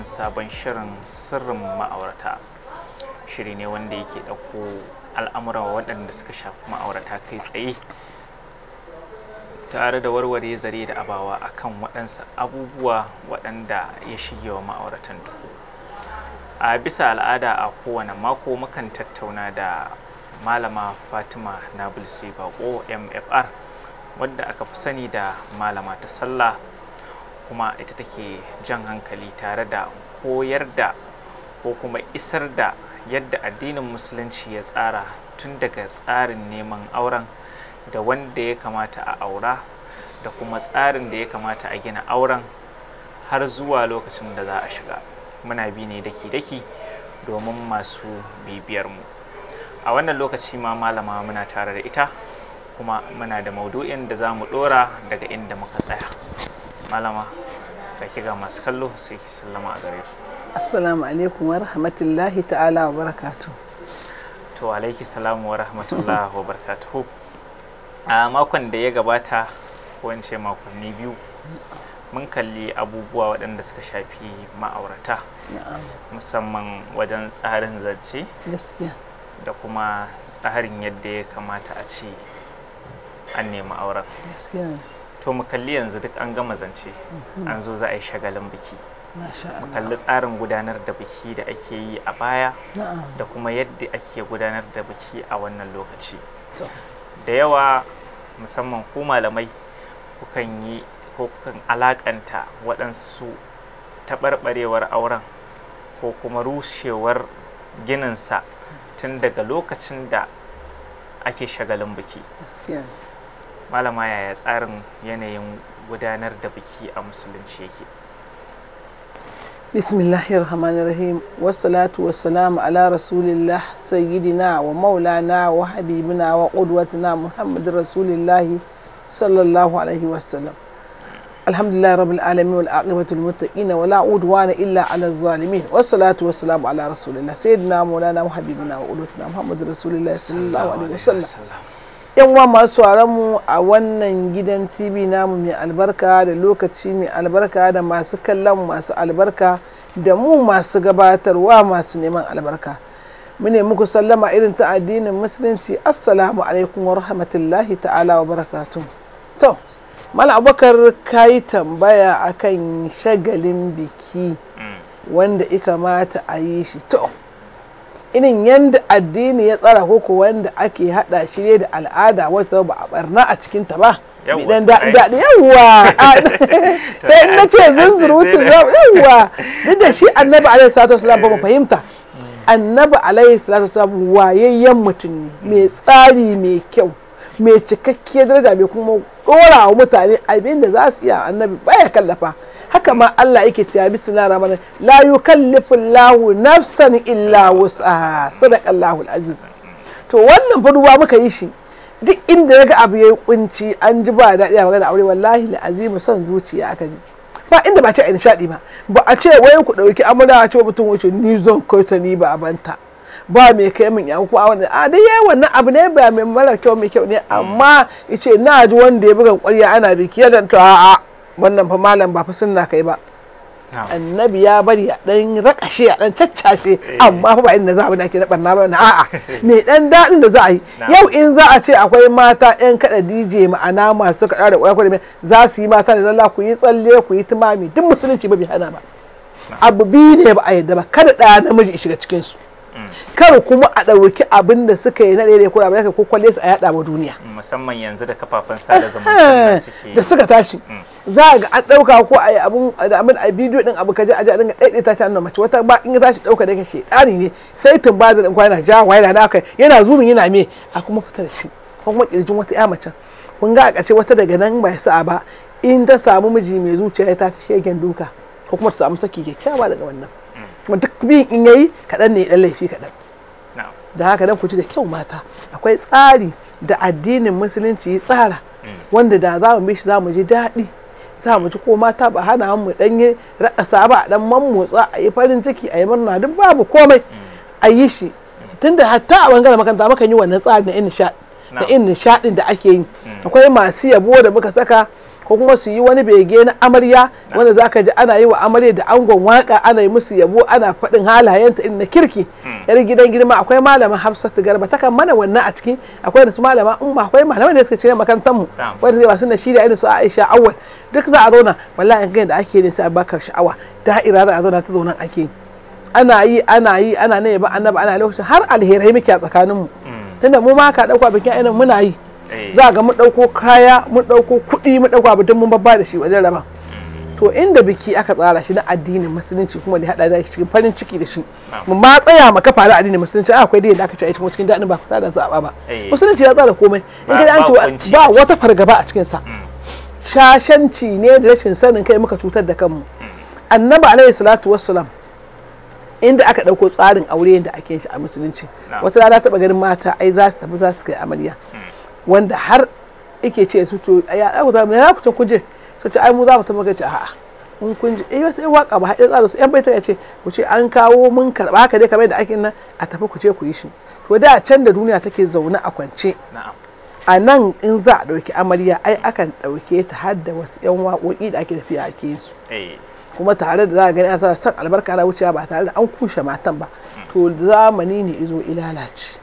cikin sabon shirin sirrin ma'aurata shiri ne wanda yake ɗauko al'amura waɗanda suka shafi ma'aurata kai tsaye tare da warware zare da abawa akan waɗansu abubuwa waɗanda ya shige wa ma'auratan duku a bisa al'ada a kowane mako mukan tattauna da malama fatima nabulsi bako mfr wadda aka fi sani da malama ta sallah kuma ita take jan hankali tare da koyar da ko kuma isar da yadda addinin musulunci ya tsara tun daga tsarin neman auren da wanda ya kamata a aura da kuma tsarin da ya kamata a gina auren har zuwa lokacin da za a shiga muna bi ne daki-daki domin masu bibiyar mu. a wannan lokaci ma malama muna tare da ita kuma muna da maudu'in da za mu dora daga inda muka tsaya malama da kiga masu kallo sai ki sallama a gare su assalamu alaikum wa rahmatullahi ta'ala wa barakatu to alaiki salamu wa rahmatullahi wa barakatu a makon da ya gabata wance makonni biyu mun kalli abubuwa waɗanda suka shafi ma'aurata musamman wajen tsarin zance da kuma tsarin yadda ya kamata a ce an nemi auren to mu kalli yanzu duk an gama zance mhm. an zo za a yi shagalin biki mu kalli tsarin gudanar da biki da ake yi a baya da kuma yadda ake gudanar da biki a wannan lokaci da yawa musamman ku malamai kukan yi ko kukan alakanta waɗansu taɓarɓarewar auren ko kuma rushewar gininsa tun daga lokacin da ake shagalin biki malama yaya tsarin yanayin gudanar da biki a musulunci yake bismillahir rahmanir rahim wassalatu wassalamu ala rasulillah sayyidina wa maulana wa habibina wa qudwatina muhammadin rasulillah sallallahu alaihi wasallam alhamdulillah rabbil alamin wal aqibatu lil muttaqin wa la udwana illa ala zalimin wassalatu wassalamu ala rasulillah sayyidina maulana wa habibina wa qudwatina muhammadin rasulillah sallallahu alaihi wasallam yan wa masu mu a wannan gidan tv namu mai albarka da lokaci mai albarka da masu kallon masu albarka da mu masu gabatarwa masu neman albarka mune muku sallama irin ta addinin musulunci assalamu alaikum wa rahmatullahi ta'ala wa barakatu to mala ka yi tambaya akan shagalin biki mm. wanda ika mata a yi shi to irin yadda addini ya tsara ko ko wanda ake hada shi da al'ada wata ba a barna a cikin ta ba idan daɗi yawwa ta yi na ce zunzurutun yawwa duk da shi annabi alaihi salatu wasalam ba mu eh. fahimta mm. annabi alaihi salatu wasalam wayayyen mutum ne mm. mai tsari mai kyau mai cikakkiyar daraja mai kuma ɗora wa mutane abin da za su iya annabi baya kallafa haka ma Allah yake cewa bismillah rahman la yukallifu Allahu nafsan illa wus'aha sadaqallahu alazim to wannan burwa muka yi shi duk inda yaga abu yayi kunci an ji ba daɗi a magana aure wallahi alazim son zuciya aka ji ba inda ba ce a nishaɗi ba ba a ce wai ku ɗauki amana a ce mutum wuce ni zan kai ta ni ba a banta ba mai kai min ya a wannan a dai yayi wannan abu ne ba mai mara kyau mai kyau ne amma yace na ji wanda ya buga ƙwarya ana biki ya danta a'a wannan fa malam ba fa sunna kai ba annabi ya bari a dan rakashe a dan caccashe eh. amma fa ba inda za a bada ke na barna ba a'a me dan dadin da za a yi yau in za a ce akwai mata yan kada DJ ma'ana masu kada da kwaya da za su yi mata da zalla ku yi tsalle ku yi tumami duk musulunci ba bi hana ba abu biyu ne ba a yadda ba kada da namiji shiga cikin su kar kuma a ɗauki abin da suka yi na ɗaya ko abin da ko kwalle su a yaɗa wa duniya mm, musamman yanzu da kafafen sada zumunta eh, da suka tashi mm. za ga an ɗauka ko a yi abin da abin a bidiyo ɗin abu kaje a ji a dinga ɗaiɗai tashi annan mace wata ba in ya tashi ɗauka da kashe ɗani ne sai tun ba da ɗan kwana ja wayana da aka yana zumin yana me a kuma fitar shi ko kuma kirjin wata ya mace kun ga a ƙarshe wata daga nan ba sa'a ba in ta samu miji mai zuciya ya tashi shegen duka ko kuma ta samu saki kyakkyawa daga wannan kuma duk bin in yayi kaɗan ne ɗan laifi kaɗan da haka dan ku ji da kyau mata akwai tsari da addinin musulunci ya tsara mm. wanda da za mu bi shi za mu ji daɗi za mu ji ko mata ba hana mu ɗanye ra'asa ba a ɗan motsa a yi farin ciki a yi murna duk babu komai mm. a yi shi tunda hatta a bangaren makaranta muka yi wannan na in nishaɗi da nishaɗin da ake yi mm. akwai masu yabo da muka saka ko kuma su yi wani bege na amarya wanda zaka ji ana yi wa amarya da angon waka ana yi musu yabo ana faɗin halayen ta na kirki hmm. yar gidan girma akwai malama Hafsatu Garba ta kan mana wannan a cikin akwai da su malama umma akwai malama da suka cire makarantar mu wanda suke na nashida irin su Aisha Awwal duk za a zauna wallahi in ga da ake ne sai a baka sha'awa da'ira za a zauna ta zauna ake ana yi ana yi ana ne ba annaba ana lokacin har alherai muke a tsakanin mu. Hmm. tunda mu ma ka dauka bikin ainihin muna yi Eh. za ga mu ɗauko kaya mu ɗauko kuɗi mu ɗauko abu don mun babba da shi wajen raba. Mm. to inda biki aka tsara shi na addinin musulunci kuma da hada da shi cikin farin ciki da shi mu ma tsaya mu kafa da addinin musulunci akwai dai da aka ci a cikin daɗin ba ku da zaba ba eh. musulunci ya tsara komai in ka an ce ba wata fargaba a cikin sa mm. shashanci ne da rashin sanin kai muka cutar da kanmu mm. annabi alaihi salatu wassalam inda aka ɗauko tsarin aure da ake shi a musulunci wata rana taɓa ganin mata ai za su tafi za su kai amarya wanda har yake ce su to ya za ku zama ya ku ta kuje su ce ai mu za mu ta magace a'a mun kun ji eh wata waka ba haɗe tsaro su yan baita ya ce ku ce an kawo mun karɓa haka dai kamar da ake nan a tafi ku ce ku yi shi to da can da duniya take zaune a kwance a nan in za a ɗauki amarya ai akan ɗauke ta har da wasu yan waƙoƙi da ake tafiya ake su eh. kuma tare da za a gani a san albarka na wucewa ba tare da an kushe matan ba hmm. to zamani ne izo ilalace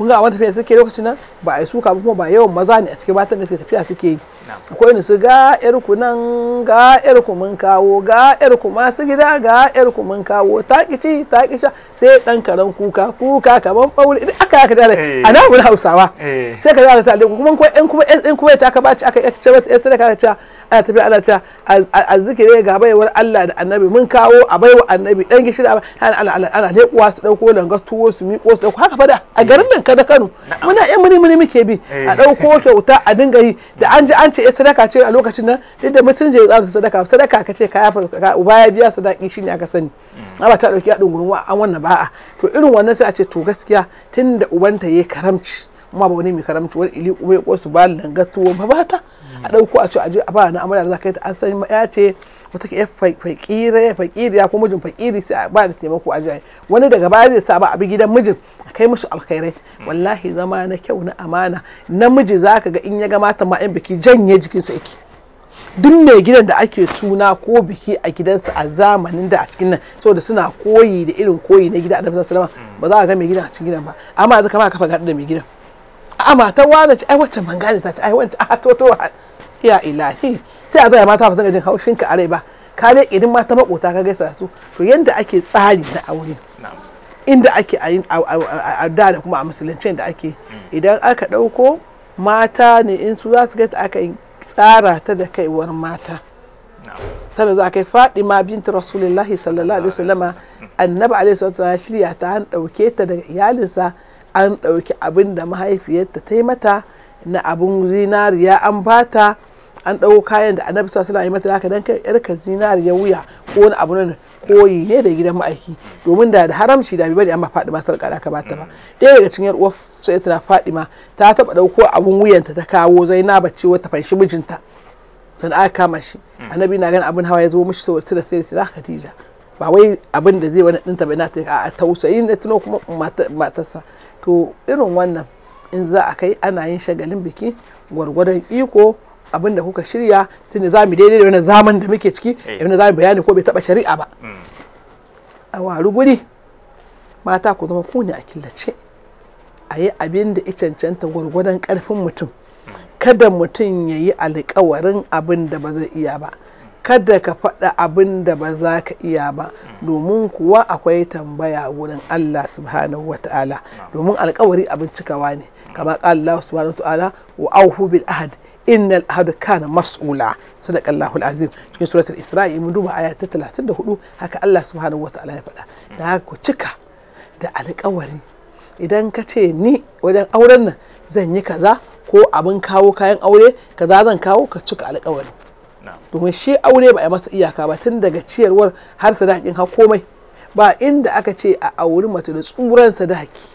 kun ga abin tafiya suke lokacin nan ba a yi suka kuma ba yawan maza ne a cikin matan da suke tafiya suke yi akwai ni su ga yar ku nan ga yar ku mun kawo ga yar ku masu gida ga yar ku mun kawo ta kici ta kisha sai dan karan kuka kuka kaman bauli idan aka aka dare eh. ana mun hausawa eh. sai ka zara ta kuma kuma in kuma in kuma ta ka ci aka ci ba sai ka ci ana tafiya ana cewa a azzikiri ga baiwar Allah da annabi mun kawo a baiwa annabi dan gishiri ana ana ana leƙuwa su ɗauko langa tuwo su miƙo su dauko haka fada a garin nan ka da Kano muna yan muni muni muke bi a dauko eh. kyauta a dinga yi da an ji an ce eh, sadaka ce a lokacin nan duk da mutum je tsara sadaka sadaka ka ce ka kaya uba ya biya sadaki shi ne aka sani ba mm. ta ɗauki a wa an wannan ba'a to irin wannan sai a ce to gaskiya tunda ubanta yayi karamci ma ba wani mai karamci wani ili kuma ya kosu ba langa tuwo ba ta a dauko a ce a je a ba na amarya za ka yi ta an san ya ce wata ke fakire ya ko mijin faƙiri sai a ba da taimako a je wani daga baya zai sa ba bi gidan mijin a kai mishi alkhairai wallahi zama na kyau na amana namiji zaka ga in ya ga mata ma yan biki janye jikinsa yake duk mai gidan da ake suna ko biki a gidansa a zamanin da a cikin nan saboda suna koyi da irin koyi na gida a sallallahu Salama ba za a ga mai gidan a cikin gidan ba amma yanzu kama kafa gaɗa da mai gidan A'a matar wani ci ai wacce ban ta ci ai a ah, to to ya ilahi ta ya zai mata ba zan jin haushin ka arai ba ka dai idan mata makota ka gaisa su to yanda ake tsari na aure inda ake a da da kuma a musulunci da ake mm. idan aka dauko mata ne in su za su gaita aka tsara ta da kaiwar mata sannan za ka yi ma binta rasulullahi sallallahu alaihi wasallama annabi alaihi wasallama shirya ta an dauke ta daga iyalinsa an ɗauki abin da mahaifiyarta ta yi mata na abin zinariya an bata an ɗau kayan da annabi sa suna yi mata mata dan kai yarka zinariya wuya ko wani abu nan koyi ne da gidan ma'aiki domin da da haramci da bai amma Fadima sarka da ka bata ba ɗaya daga cikin yaruwar uwar faɗi ma ta taba ɗauko abin wuyanta ta kawo Zainaba ce wata fanshi mijinta sun aka kama shi hmm. annabi na gan abin hawa ya zo mishi sau da sai da Khadija ba wai abin da zai wani ɗinta bai na ta a tausayin da tuno kuma matarsa to irin wannan in za a kai ana yin shagalin biki gwargwadon iko abin da kuka shirya tunda za mu daidai da wani zaman da muke ciki eh. da za mu bayani ko bai taba shari'a ba mm. a waru guri mata ku zama kune a killace a yi abin da ya cancanta gwargwadon karfin mutum mm. kada mutum ya yi alkawarin abin da ba zai iya ba kada ka faɗa abin da ba za ka iya ba domin kuwa akwai tambaya wurin Allah subhanahu wa ta'ala domin alkawari abin cikawa ne kama Allah subhanahu wa ta'ala wa auhu bil ahad innal ahad kana mas'ula al azim cikin suratul isra'i mun duba aya ta 34 haka Allah subhanahu wa ta'ala ya faɗa da haka ku cika da alkawari idan ka ce ni wajen auren nan zan yi kaza ko abin kawo kayan aure kaza zan kawo ka cika alkawari domin shi aure ba a masa iyaka ba tun daga ciyarwar har sadakin ha komai ba inda aka ce a auri mace da tsuran sadaki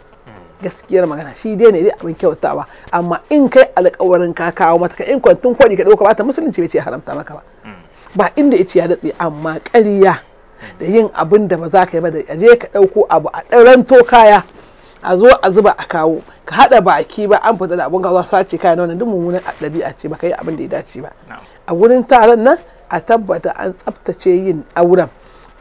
gaskiyar magana shi dai ne dai abin kyautawa amma in kai alkawarin ka kawo mata in kwantun kwani ka dauka ba ta musulunci bai ce haramta maka ba mm. ba inda ya ce ya datse amma ƙarya da yin abin da ba za ka yi ba da aje ka dauko abu a ɗauranto kaya a zo a zuba a kawo ka haɗa baki ba an fita da abin a sace kaya na wannan duk mummunan ɗabi'a ce ba ka yi abin da ya dace ba a wurin taron nan a tabbata an tsaftace yin auren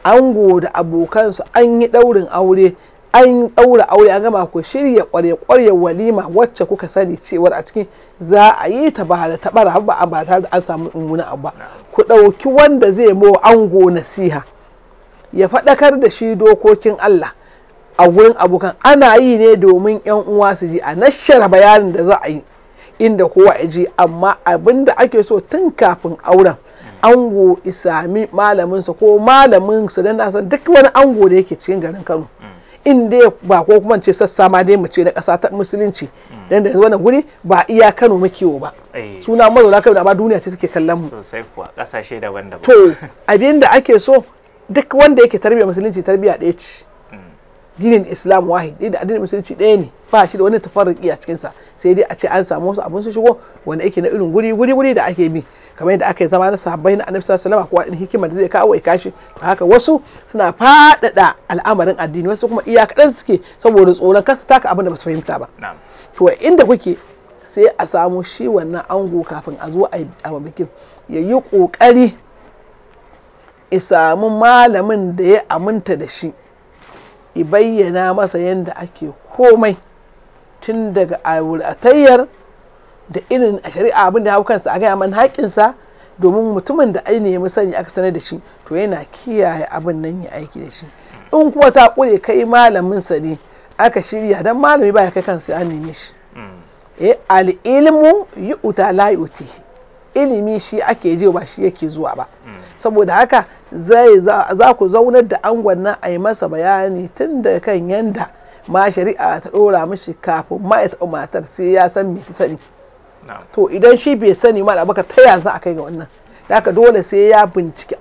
ango da abokansu an yi ɗaurin aure an ɗaura aure an gama ku shirya kwarya ƙwarya walima wacce kuka sani cewar a cikin za a yi ta ba da ba ba tare da an samu mummuna abu ba ku ɗauki wanda zai mo ango nasiha ya faɗakar da shi dokokin Allah a wurin abokan ana yi ne domin 'yan uwa su ji a nashara bayanin da za a yi inda kowa ya je amma abin da ake so tun kafin auren ango isami malaminsa ko malaminsa don san duk wani ango da yake cikin garin kano mm. in dai ba ko kuma ce sassa ma dai mace na kasa ta musulunci mm. dan da wannan guri ba iya Kano muke ba eh. suna mazauna Kano ba duniya ce suke kallon mu sosai kuwa ƙasashe daban-daban to abin ake so duk wanda yake tarbiya musulunci tarbiyya ɗaya ce dinin islam wahid da addinin musulunci ɗaya ne ba shi da wani tafarruki a cikinsa sai dai a ce an samu wasu abin su shigo wanda yake na irin guri guri guri da ake bi kamar yadda aka yi zama na sahabbai na annabi sallallahu alaihi wasallam ko hikima da zai kawo ya kashi haka wasu suna faɗaɗa al'amarin addini wasu kuma iya kadan suke saboda tsoron kasa taka abin da ba su fahimta ba to inda kuke sai a samu shi wannan ango kafin a zo a bikin ya yi ƙoƙari ya samu malamin da ya aminta da shi i bayyana masa yadda ake komai tun daga wulatayyar da irin a shari'a abin da hau kansa a gaya man haƙinsa domin mutumin da ainihin ya sani aka sanar da shi to yana kiyaye abin nan ya aiki da shi in kuma ta ƙure kai malaminsa ne aka shirya don malami ba ya kai kansa ya neme shi hmm. eh, al'ilmu yi uta la ilimi shi ake je ba shi yake zuwa ba hmm. saboda haka zai za ku zaunar da angon nan a yi masa bayani tun da kan yanda ma shari'a ta ɗora mishi kafin ma ya taɓa matar sai ya san me sani to idan shi bai sani ma abaka ta ya za a kai ga wannan aka dole sai ya binciki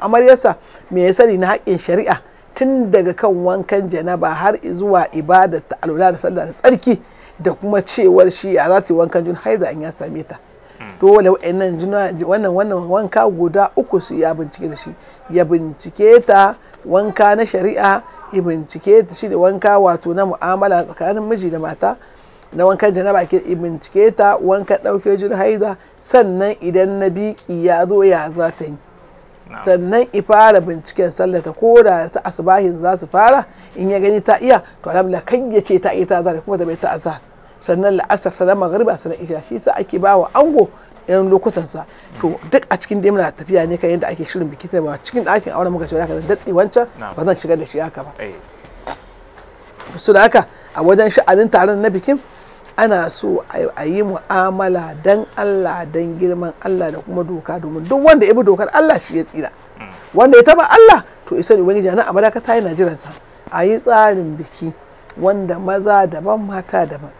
amaryarsa mai sani na haƙƙin shari'a tun daga kan wankan janaba har zuwa ibadar ta alwala da sallah tsarki da kuma cewar shi ya za ta yi wankan jun haida an ya same ta dole wannan wannan wanka guda uku su ya bincike da shi ya bincike ta wanka na shari'a ya bincike ta shi da wanka wato na mu'amala tsakanin miji da mata na wankan janaba ke bincike ta wanka ɗauke jin haida sannan idan na biki ya zo ya za ta yi sannan i fara binciken sallata ko da ta asubahin za su fara in ya gani ta iya to alhamdulillah kan ya ce ta iya ta zara kuma da bai ta azhar sannan la'asar sannan magriba sannan isha shi sa ake ba wa ango yan lokutan sa to duk a cikin dai muna tafiya ne kan yadda ake shirin biki ta ba cikin ɗakin auren muka ce da datse wancan ba zan shiga da shi haka ba eh. su da haka a wajen sha'anin taron na bikin ana so a yi mu'amala dan Allah dan girman Allah da kuma doka domin duk wanda ya bi dokar Allah shi ya tsira mm. wanda ya taba Allah to isa ne wani jana a yi yana sa. a yi tsarin biki wanda maza daban mata daban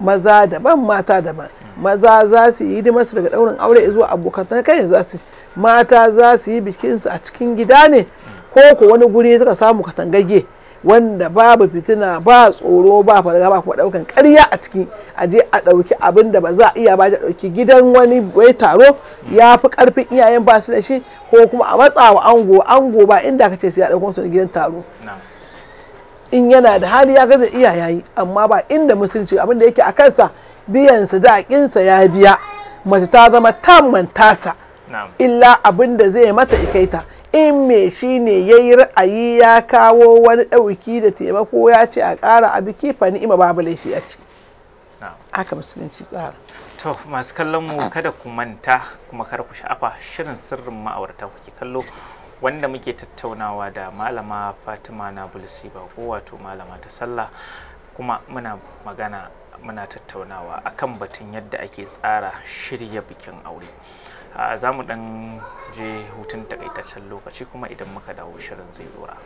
maza daban mata daban maza za su yi hidimar su daga daurin aure zuwa abokan kai za su mata za su yi bikin a cikin gida ne ko ko wani guri suka samu katangage wanda babu fitina ba tsoro ba fargaba ba kuma daukan ƙarya a ciki a je a dauki abin da ba za a iya ba da dauki gidan wani wai taro ya fi karfin iyayen ba su da shi ko kuma a matsawa ango ango ba inda kace ce sai a dauko su gidan taro in yana da hali ya gaza iya yayi amma ba inda musulunci abinda yake a kansa biyan sadakinsa ya biya mace ta zama tamman tasa illa abinda zai mata ikaita in me shi ne ya yi ra'ayi ya kawo wani ɗauki da taimako ya ce a ƙara a biki ni'ima babu laifi a ciki haka musulunci tsara to masu kallon mu kada ku manta kuma kar ku sha'afa shirin sirrin ma'aurata kuke kallo wanda muke tattaunawa da malama fatima na bulisi ko wato malama ta sallah kuma muna magana muna tattaunawa a kan batun yadda ake tsara shirya bikin aure ah, za mu dan je hutun takaitaccen lokaci kuma idan muka dawo shirin zai dora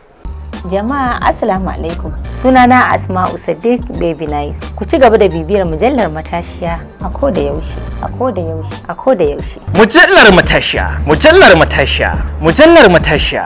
Jama'a Assalamu alaikum. Sunana Asma'u Sadiq Baby Nice. Ku ci gaba da bibiyar mujallar matashiya a ko da yaushe, a da yaushe, a da yaushe. Mujallar matashiya, mujallar matashiya, mujallar matashiya.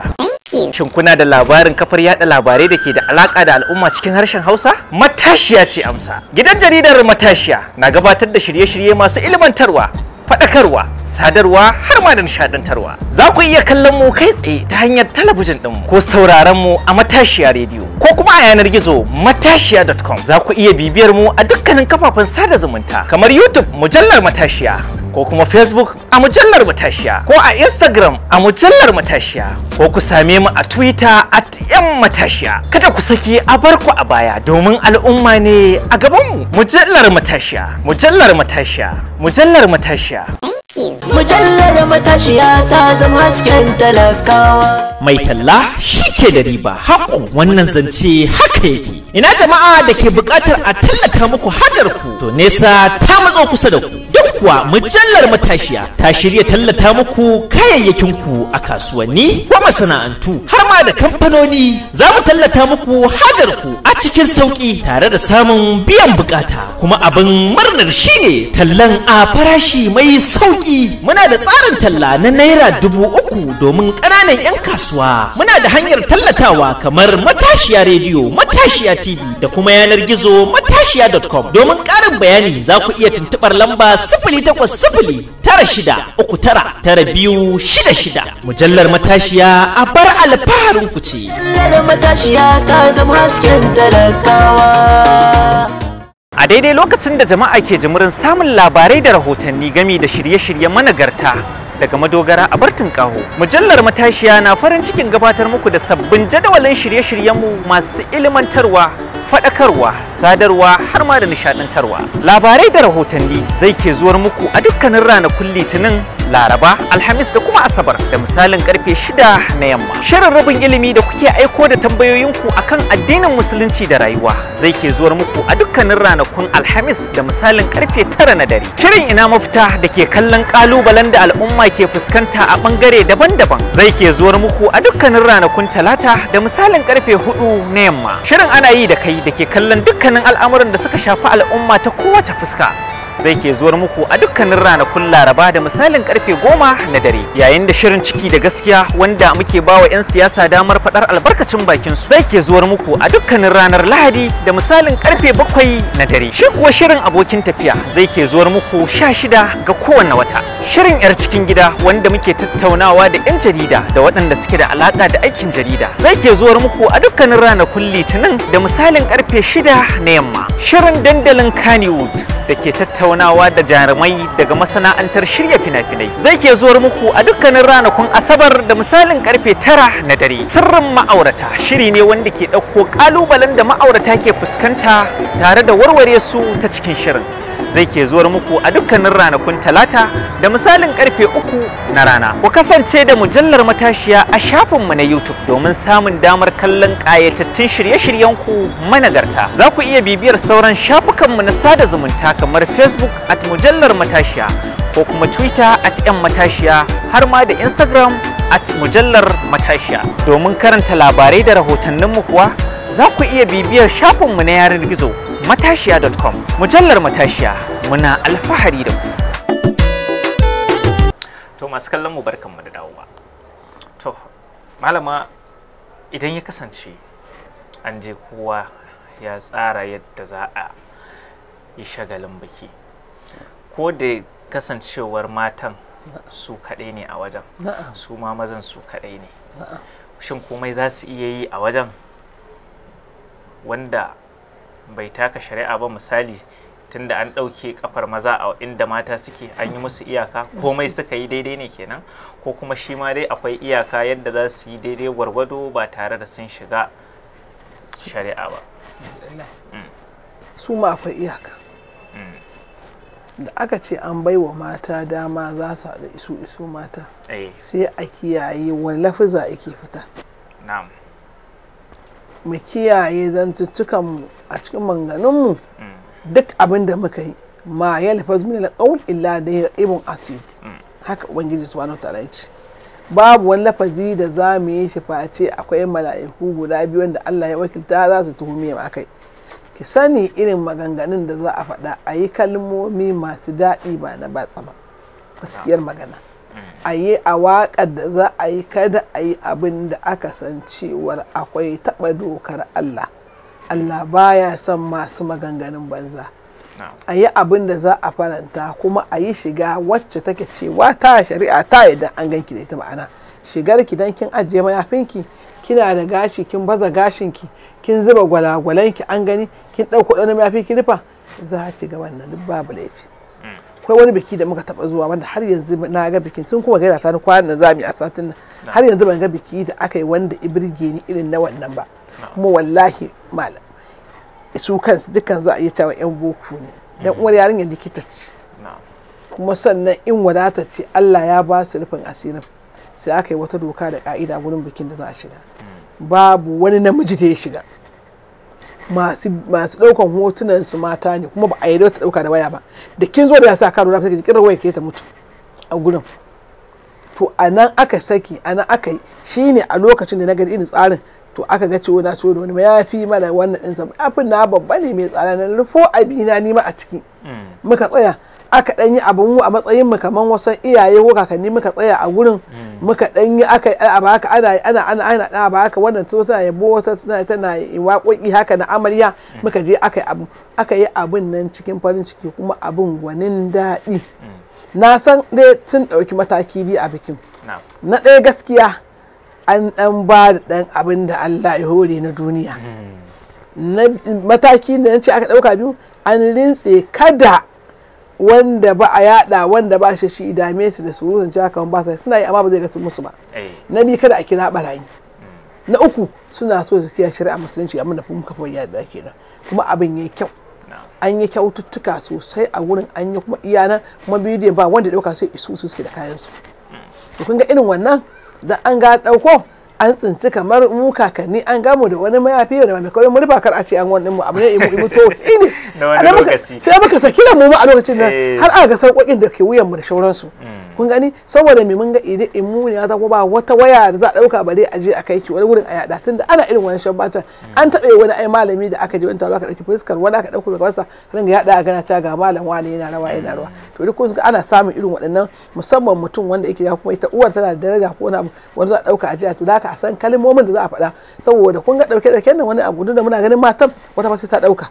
Shin kuna da labarin kafar yada labarai da ke da alaka da al'umma cikin harshen Hausa? Matashiya ce amsa. Gidan jaridar Matashiya na gabatar da shirye-shirye masu ilmantarwa, faɗakarwa, sadarwa har ma da nishadantarwa. Za ku iya kallon mu kai tsaye ta hanyar talabijin ɗinmu ko sauraron mu a matashiya rediyo ko kuma a yanar gizo matashiya.com. Za ku iya bibiyar mu a dukkanin kafafen sada zumunta kamar YouTube mujallar matashiya ko kuma Facebook a mujallar matashiya ko a Instagram a mujallar matashiya ko ku same mu a Twitter at yan matashiya. Kada ku saki a bar ku a baya domin al'umma ne a gaban mu? Mujallar matashiya, mujallar matashiya, mujallar matashiya. Mujallar matashiya ta zama hasken talakawa. Mai talla shi ke da riba haƙo wannan zance haka yake. Ina jama'a da ke buƙatar a tallata muku hajar ku to nesa ta matso kusa da ku. kuwa mujallar matashiya ta shirya tallata muku kayayyakin ku a kasuwanni ko masana'antu har ma da kamfanoni za mu tallata muku ku a cikin sauƙi tare da samun biyan bukata kuma abin murnar shine tallan a farashi mai sauƙi muna da tsarin talla na naira dubu uku domin ƙananan 'yan kasuwa muna da hanyar tallatawa kamar matashiya rediyo matashiya tv da kuma yanar gizo matashiya.com domin ƙarin bayani za ku iya tuntuɓar lamba sifili takwas sifili tara shida uku tara tara biyu shida shida mujallar matashiya a bar alfaharin ku ce. A daidai lokacin da jama'a ke jimurin samun labarai da rahotanni gami da shirye shiryen managarta daga madogara a Bartin Kaho. Mujallar Matashiya na farin cikin gabatar muku da sabbin jadawalin shirye-shiryenmu masu ilimantarwa Fadakarwa, sadarwa har ma da nishaɗantarwa labarai da rahotanni zai ke zuwar muku a dukkanin ranakun litinin laraba alhamis da kuma asabar da misalin karfe shida na yamma shirin rabin ilimi da kuke aiko da tambayoyinku akan addinin musulunci da rayuwa zai ke zuwar muku a dukkanin ranakun alhamis da misalin karfe tara na dare shirin ina mafita da ke kallon kalubalen da al'umma ke fuskanta a bangare daban-daban zai ke zuwar muku a dukkanin ranakun talata da misalin karfe hudu na yamma shirin ana yi da kai da ke kallon dukkanin al'amuran da suka shafi al'umma ta kowace fuska zai ke zuwar muku a dukkanin ranakun laraba da misalin karfe goma na dare yayin da shirin ciki da gaskiya wanda muke bawa 'yan siyasa damar faɗar albarkacin bakin su zai ke zuwar muku a dukkanin ranar lahadi da misalin karfe bakwai na dare shi kuwa shirin abokin tafiya zai ke zuwar muku sha shida ga kowane wata shirin 'yar cikin gida wanda muke tattaunawa da 'yan jarida da waɗanda suke da alaƙa da aikin jarida zai ke zuwar muku a dukkanin ranakun litinin da misalin karfe shida na yamma shirin dandalin kannywood da ke tattaunawa tattaunawa da jarumai daga masana'antar shirya fina-finai zai ke zuwar muku a dukkanin ranakun asabar da misalin karfe tara na dare sirrin ma'aurata shiri ne wanda ke ɗauko ƙalubalen da ma'aurata ke fuskanta tare da warware su ta cikin shirin zai ke zuwar muku a dukkanin ranakun talata da misalin karfe uku na rana. Ku kasance da mujallar matashiya a shafinmu na YouTube domin samun damar kallon ƙayatattun shirye-shiryenku managarta. Za ku iya bibiyar sauran shafukanmu na sada zumunta kamar Facebook at mujallar matashiya ko kuma Twitter at 'yan matashiya har ma da Instagram at mujallar matashiya. Domin karanta labarai da rahotanninmu kuwa za ku iya bibiyar shafinmu na yanar gizo matashiya.com mujallar matashiya muna alfahari da ku to masu kallon mu barkan mu da dawowa to malama idan ya kasance an je kowa ya tsara yadda za a yi shagalin biki ko da kasancewar matan su kaɗai ne a wajen su ma mazan su kaɗai ne shin komai za su iya yi a wajen wanda bai taka shari'a ba misali tunda an ɗauke kafar maza a inda mata suke an yi musu iyaka komai suka yi daidai ne kenan ko kuma shi ma dai akwai iyaka yadda za su yi daidai gwargwado ba tare da sun shiga shari'a ba mm. su ma akwai iyaka mm. da aka ce an bai wa mata dama za su haɗa isu isu mata eh. sai a kiyaye wani lafiza ake fita mu kiyaye zantuttukanmu a cikin mu mm. duk abin da muka yi ma ya lafaz min alqawl illa da ibon atid mm. haka ubangiji subhanahu na ya ce babu wani lafazi da za mu yi shi face akwai mala'iku guda biyu wanda Allah ya wakilta za su tuhumi ma akai ki sani irin maganganun da za a faɗa a yi kalmomi masu daɗi ba na batsa ba gaskiyar magana a yi a waƙar da za a yi kada a yi abin da aka san cewar akwai taɓa dokar Allah Allah baya son masu maganganun banza a yi abin da za a faranta kuma a yi shiga wacce take cewa ta shari'a ta yadda an ganki da ita ma'ana shigar ki dan kin ajiye mayafinki kina da gashi kin baza gashinki kin zuba gwalagwalanki an gani kin ɗauko ɗan mayafinki ki rufa za ki ga wannan duk babu laifi akwai wani biki da muka taba zuwa wanda har yanzu na ga bikin sun kuma gaida ta kwana kwanan zami a satin nan har yanzu ban ga biki da aka yi wanda ibirge ni irin na wannan ba kuma wallahi malam su kansu dukkan za a iya cewa yan boko ne dan mm. uwar yarinyar likita ce kuma sannan in wadata ce Allah ya ba su rufin asirin sai aka yi wata doka da ka'ida wurin bikin da za a shiga mm. babu wani namiji da ya shiga masu ɗaukan daukan hotunan su mata ne kuma ba a yarda ta dauka da waya ba da kin zo da yasa ka lura kake kirar waya ke ta mutu a gurin to anan aka saki anan aka yi shine a lokacin da na gari irin tsarin to aka ga cewa na so da wani ma ya fi mana wannan din sa afin na babba ne mai tsara na rufo abina ni ma a ciki mm. muka tsaya aka dan yi mu a matsayin mu kaman wasan iyaye ko kakanni muka tsaya a gurin mm. muka dan yi aka ba haka ana ana ana ana dan ba haka wannan to tana yabo wata tana tana waƙoƙi haka na amarya mm. muka je aka yi abu aka yi abun nan cikin farin ciki kuma abun gwanin daɗi mm. na san dai tun ɗauki mataki biyu a bikin na ɗaya gaskiya an ɗan ba da ɗan abin da Allah ya hore na duniya mataki da na ce aka ɗauka biyu an rintse kada wanda ba a yada wanda ba shi shi idame su da surutun cewa haka ba sai suna yi amma ba zai ga musu ba eh. na biyu kada a kira barayi hmm. na uku suna so su kiyaye shari'a musulunci amma da kuma kafa yadda kenan kuma abin yayi kyau an yi kyaututtuka sosai a wurin an yi kuma iyana, kuma bidiyon ba wanda dauka sai isu su suke da kayan su hmm. to kun ga irin wannan da an ga dauko an tsinci kamar mu kakanni an gamu da wani mayafi da wani kawai mu rufa kar a ce an wani mu abu ne ibu to na wani lokaci sai muka saki da mu a lokacin nan eh. har aka ga sauƙoƙin da ke wuyan mu da shauransu hmm. kun gani saboda me mun ga idan in mu ta ba wata waya da za a dauka bare a je a kai ki wani wurin a yada tunda ana irin wani shabbata hmm. an taɓa wani ai malami da aka je wani taro aka dauki fuskar wani aka dauko daga wasa ga yada a gana ta ga malam wani yana rawa yana rawa hmm. to duk kun ana samun irin waɗannan musamman mutum wanda yake ya kuma ita uwar tana da daraja ko wani za a dauka a je a to da a san kalmomin da za a faɗa saboda kun ga dauke dauke nan wani abu da muna ganin matan wata ba sai ta dauka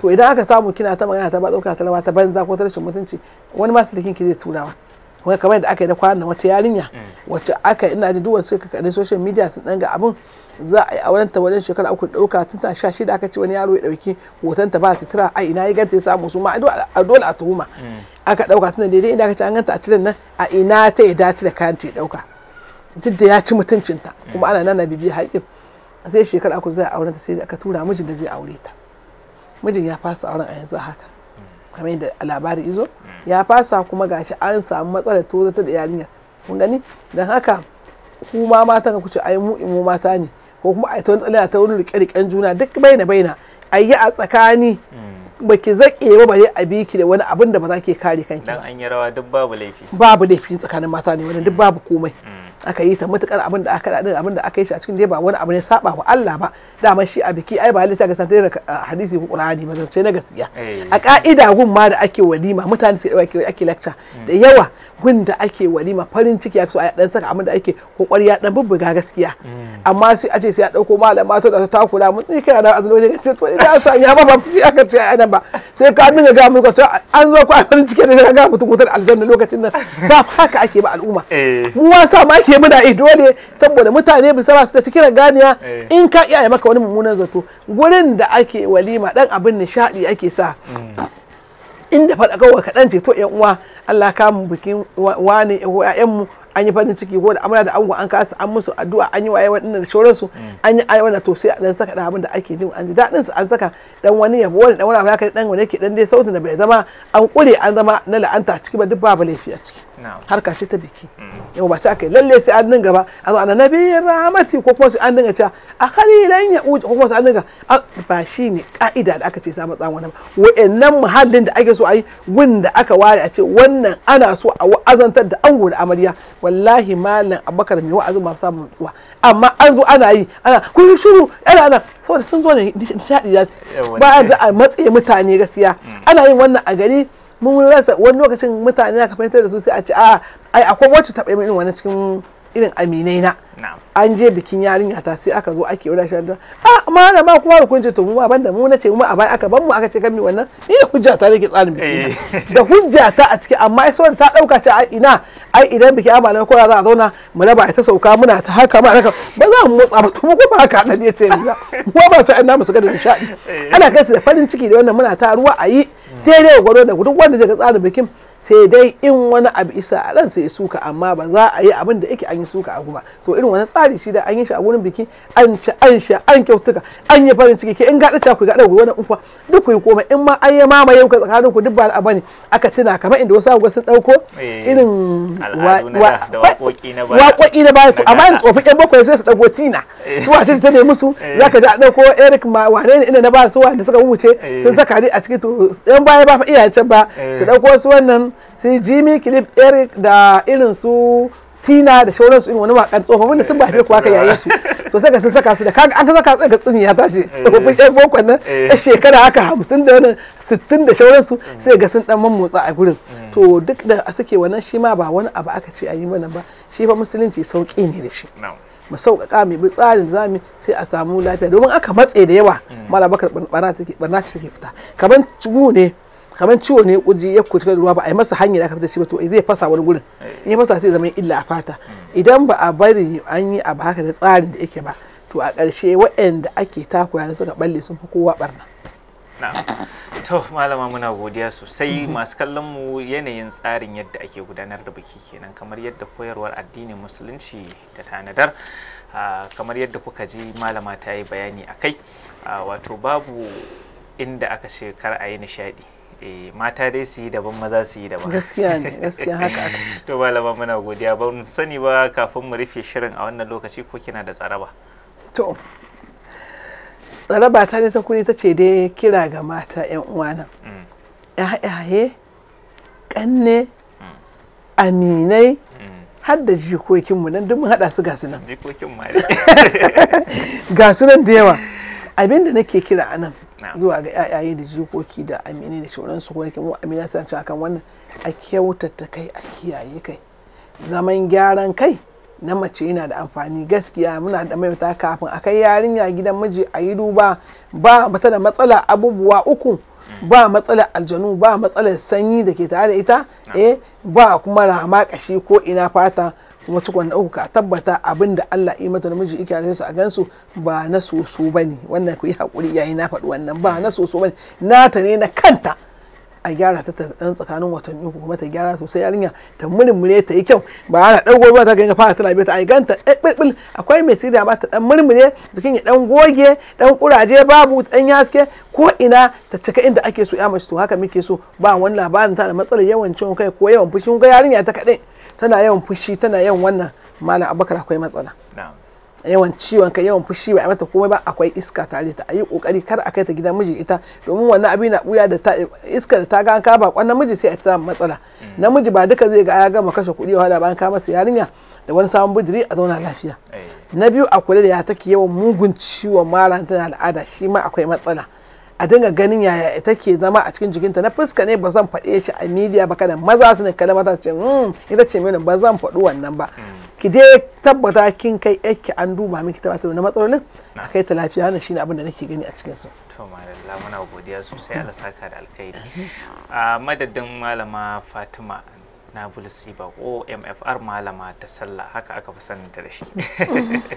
to idan aka samu kina ta magana ta ba dauka ta ta banza ko ta rashin mutunci wani ma silikin ki zai turawa kuma kamar da aka yi da kwanan wata yarinya mm. wacce aka ina ji duwan suka kakadin social media sun danga abin za a yi auren ta wajen shekara uku dauka tun ta sha shida aka ce wani yaro ya dauki hoton ta ba sitira. ai ina yi ganta ya samu su ma a dole a tuhuma mm. aka dauka tun da daidai inda aka ce an ganta a cikin nan a ina ta ya dace da kayan ta ya dauka duk da ya ci mutuncinta kuma mm. ana nana bibiya haƙin sai shekara uku a auren ta sai aka tura mijin da zai aure ta mijin ya fasa auren a yanzu haka hmm. kamar yadda labari izo hmm. ya fasa kuma gashi an samu matsalar tozata da yarinya kun gani don haka ku ma mata ka kuce ai mu mu mata ne ko kuma ai ta wani tsala ta wani rike riken juna duk baina baina ayi a tsakani hmm. baki zake ba bare a biki da wani abin da ba za ke kare kanki dan an yi rawa duk babu laifi babu laifi tsakanin mata ne wani duk babu komai aka yi ta matukar abin da aka daɗin abin da aka yi shi a cikin dai ba wani abu ne saba wa Allah ba dama shi a biki ai ba halitta ga santai da ah, hadisi ko Qur'ani ba zance na gaskiya eh. a ka'ida gun ma da ake walima mutane su ake lecture da yawa abin da ake walima farin ciki ya so a dan saka abin da ake kokari ya dan bubbuga gaskiya mm. amma sai a ce sai a dauko malama to da ta kula mun ni kana a zuwa ce to ina san ya ba ba ci aka ce ai nan ba sai ka dinga ga mu to an zo ku a farin ciki da ga mutum mutar aljanna lokacin nan ba haka ake ba al'umma eh. mu wasa ma ake muna ido dole saboda mutane bisa su tafi kiran ganiya eh. in ka iya maka wani mummunan zato gurin da ake walima dan abin nishadi ake sa mm. inda faɗa kawai kaɗan ce to ƴan uwa Allah ka mu bikin wani ƴaƴan mu an yi farin ciki ko da amana da ango an kasa an musu addu'a an yi waye waɗannan da shoran su mm. an yi ayi wannan to sai dan saka da abin da ake jin an ji dadin su an saka dan wani yabo wani dan wani abu ya kai dan wani yake dan dai sautin da bai zama an kure an zama na la'anta ciki ba duk babu laifi a ciki harka ce ta biki mm. yau ba ta aka yi lalle sai an dinga ba a zo annabi rahmati ko kuma sai an dinga cewa a kalilan ya uji ko kuma sai an dinga ba shi ne ka'ida da aka ce sa matsan ba wa'annan muhallin da ake so a yi gun da aka ware a ce wannan ana so a wa'azantar da ango da amarya wallahi malam abakar mai wa'azin ma samu amma an zo ana yi ana kun shiru ana ana saboda sun zo ne nishadi za su ba a matse mutane gaskiya mm. ana yin wannan a gari mun rasa wani lokacin mutane aka fahimtar da su sai a ce a ah, ai akwai wacce ta irin wani cikin irin aminai na an je bikin yarinya ta sai aka zo ake wani shan da a ah, mana ma kuma da kunje to mu ma banda mu na ce mu a bai aka ban mu aka ce kan mi wannan ni da hujja ta rike tsarin biki eh. da hujja ta a ciki amma sai wanda ta dauka ce a ina ai idan biki amana ko za a zauna mu raba ta sauka muna ta haka ma haka ba za mu motsa ba to mu kuma haka dan ya ce ni ba ba sai an namu su ga da nishadi eh. ana kai su da farin ciki da wannan muna ta ruwa a yi daidai gwado da duk wanda zai ga tsarin bikin sai dai in wani abu isa a ransa ya suka amma ba za a yi abin da yake an yi suka a ba to irin wani tsari shi da an yi shi a wurin biki an ci an sha an kyautuka an yi farin ciki ke in gaɗa ca ku gaɗa wani ufa duk ku yi komai in ma an yi mamaye ku tsakanin ku duk ba abu ne aka tuna kamar inda wasu abubuwa sun ɗauko irin waƙoƙi na baya to amma yanzu tsofi ƴan bakwai sai su ɗauko tina eh. su wace ta ne musu eh. za ka ji a ɗauko eric ma wane ne ina na ba su wanda suka wuce eh. sun saka ni a ciki to ƴan baya ba fa iyayen can ba su ɗauko su wannan sai jimi jimmy clip eric da irin su tina da shauransu irin wani wakan tsofaffin da tun ba kuwa ka yaye su to ka sun saka su da kaga an saka su ga tsumi ya tashi eh. tsofaffin yan bokon nan eh. a shekara haka hamsin da wani sittin da shauransu eh. sai ga sun dan motsa a gurin to duk da suke wannan shi ma ba wani abu aka ce a yi mana ba shi fa musulunci sauki ne da shi mu sauƙaƙa mu bi tsarin zamu sai a samu lafiya domin aka matse da yawa mara bakar barna take fita kamar tugu ne kamar ciwo ne kuji ya kuce ruwa ba a yi masa hanyar aka fita shi ba to zai fasa wani gurin in ya fasa sai zama illa a fata hmm. idan ba a bari an yi abu haka da tsarin da yake ba to a ƙarshe waɗanda ake takura da suka balle sun fi kowa barna to malama muna godiya sosai masu kallon mu yanayin tsarin yadda ake gudanar da biki kenan kamar yadda koyarwar addinin musulunci da tanadar ah, kamar yadda kuka ji malama ta yi bayani a kai ah, wato babu inda aka ce kar a yi nishadi Eh, mata dai su yi daban maza su yi daban gaskiya ne gaskiya haka to malama muna godiya ba sani ba kafin mu rufe shirin a wannan lokaci ko kina da tsaraba to tsaraba ta ne ta kuri ta ce dai kira ga mata yan uwana mm. ƴaƴaye kanne mm. aminai mm. har da jikokinmu nan duk mun haɗa su ga su nan jikokin Ga su nan da yawa abinda nake kira anan zuwa ga yayaye da jikoki da amini da shauransu su yake mu amina cewa kan wannan a kyautata kai a kiyaye kai zaman gyaran kai na mace yana da amfani gaskiya muna da maimaita kafin a kai yarinya gidan miji a yi duba ba mata da matsala abubuwa uku mm. ba matsalar aljanu ba matsalar sanyi da ke tare da ita eh ba kuma rama kashi ko ina fata kuma cikon na uku ka tabbata abin da Allah yi mata namiji yake da su a gansu ba na soso bane wannan ku yi hakuri yayi na faɗi wannan ba na soso bane nata ne na kanta a gyara ta ɗan tsakanin watanni uku kuma ta gyara sosai yarinya ta murmure ta yi kyau ba ana ɗan ba ta ganga fara tana biyu ta ai ganta ɗan akwai mai sirri ba ta ɗan murmure jikin ya ɗan goge ɗan kuraje babu ɗan haske ko ina ta cika inda ake so ya mace to haka muke so ba wani labarin ta da matsalar yawan ciwon kai ko yawan fushin ga yarinya ta kaɗai. tana yawan fushi tana yawan wannan malam abubakar akwai matsala yawan ciwon kai yawan fushi ba a mata komai ba akwai iska tare ta ayi kokari kar a kai ta gidan miji ita domin wannan abin na buya da iska da ta ga an ka ba kwan namiji sai a samu matsala mm. namiji ba duka zai ga ya gama kashe kuɗi wahala bayan ka masa yarinya da wani sabon bujiri a zauna lafiya eh. na biyu a kula da ya take yawan mugun ciwon mara tana al'ada shi ma akwai matsala a dinga ganin yaya ita ke zama a cikin jikinta na fuska ne ba zan faɗe shi a midiya ba kada maza su ne kada mata su ce hmm, ita ce mai ba zan faɗi wannan ba hmm. ki dai tabbata kin kai yake an duba miki ta na matsalolin a kai ta lafiya wannan shine abin da nake gani a cikin su to malalla muna godiya sosai Allah saka da alkhairi a madadin malama Fatima na bulisi ba ko mfr malama ta sallah haka aka fi sanin ta da shi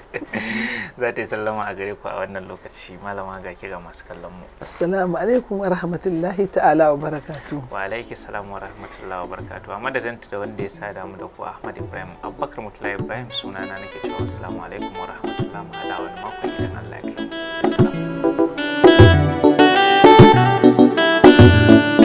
za ta yi sallama a gare ku a wannan lokaci malama ga ki ga masu kallon mu assalamu alaikum wa rahmatullahi ta'ala wa barakatu wa alaiki salamu wa rahmatullahi wa barakatu a madadin da wanda ya sada mu da ku ahmad ibrahim abubakar mutula ibrahim suna na nake cewa assalamu alaikum wa rahmatullahi wa ta'ala wani makon idan allah ya kai mu assalamu